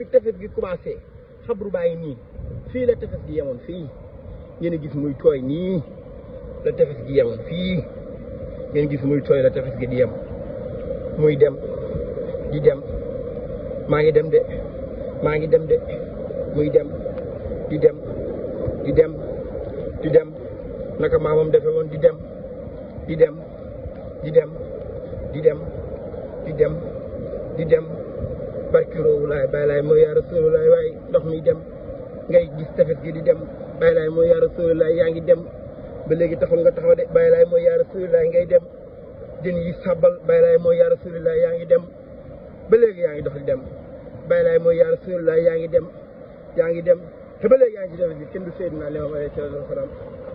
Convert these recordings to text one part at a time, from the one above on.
fi tefes gi commencé xabru bàyyi nii fii la tefes gi yemoon fii ngeen gis muy tooy nii la tefes gi yemoon fii ngeen gis muy tooy la tefes gi di yem muy dem di dem maa ngi dem de maa ngi dem de muy dem di dem di dem di dem naka maamam defe woon di dem di dem di dem di dem di dem di dem barkiroowulaay bàyyi laay mooy yaa rasulilaay waaye ndox mi dem ngay gis tefes gi di dem bàyyi laay mooy yaa rasulilaay yaa ngi dem ba léegi taxul nga taxaw de bàyyi laay mooy yaa rasulilaay ngay dem din yi sabal bàyyi laay mooy yaa rasulilaay yaa ngi dem ba léegi yaa ngi dox di dem bàyyi laay mooy yaa rasulilaay yaa ngi dem yaa ngi dem te ba léegi yaa ngi ci tefes gi kenn du Seydina Limaamu alayhi salaam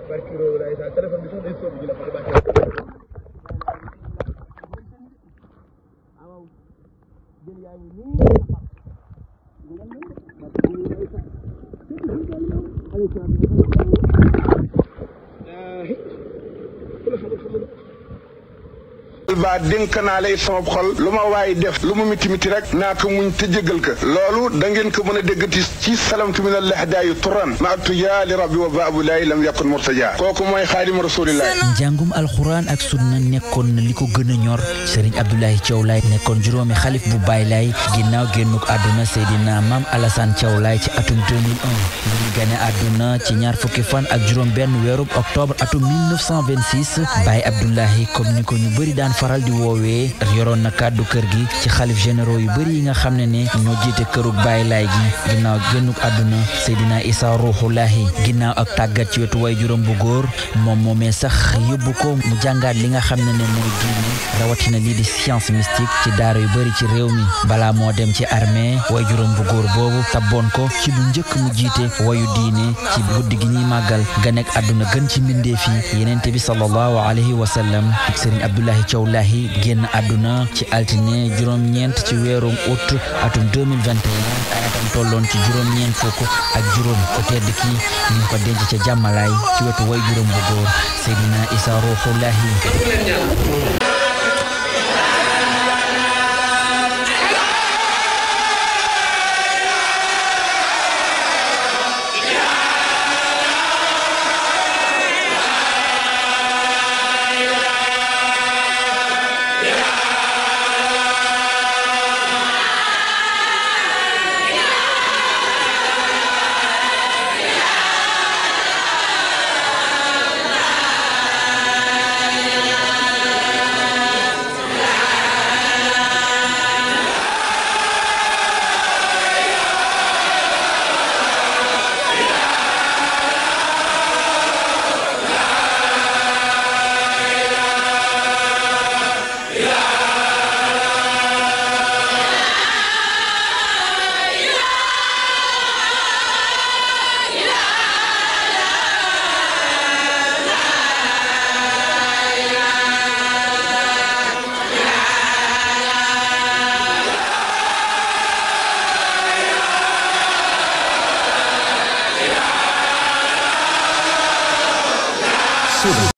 barkiroowulaay sa téléphone bi sax day sóobu ñu la ko Thank you. Alba dénk naa lay sama xol lu ma waaye def lu mu miti miti rek naa ko muñ te jéggal ko loolu da ngeen ko mën a déggati ci salamtu min allah daayu turan ma atuja li rabbi wa baabu laay lam yakun murtaja kooku mooy xaadima rasulillah njàngum alxuraan ak sunna nekkoon na li ko gën a ñor Serigne Abdoulaye Thiaw Laay nekkoon juróomi xalif bu Baay Laay ginnaaw génnuk àdduna Seydina Maam Alassane Thiaw Laay ci atum 2001 li ñu gane àdduna ci ñaar fukki fan ak juróom benn weerub octobre atum 1926 Baay Abdoulaye comme ni ko ñu faral di woowee yoroon na kàddu kër gi ci xalif généraux yu bëri yi nga xam ne ni ñoo jiite kërug Baay Laay gi ginnaaw génnuk àdduna Seydina Isa Ruuxulaahi ginnaaw ak tàggat ci wetu way juróom bu góor moom moomee sax yóbbu ko mu jàngaat li nga xam ne ne mooy diine lii di science mystique ci daara yu bëri ci réew mi balaa moo dem ci armée way juróom bu góor boobu tabboon ko ci lu njëkk mu jiite wayu diine ci guddi gi ñuy màggal ga nekk àdduna gën ci mbindeef yi Abdullahi génn àdduna ci altine juróom ci weerum août atum 2021 tolloon ci juróom-ñeent fukk ak juróom ko tedd ki ñu ko denc ca jàmmalaay ci wetu way juróom bu góor Seydina Isa Ruuxullahi Cura.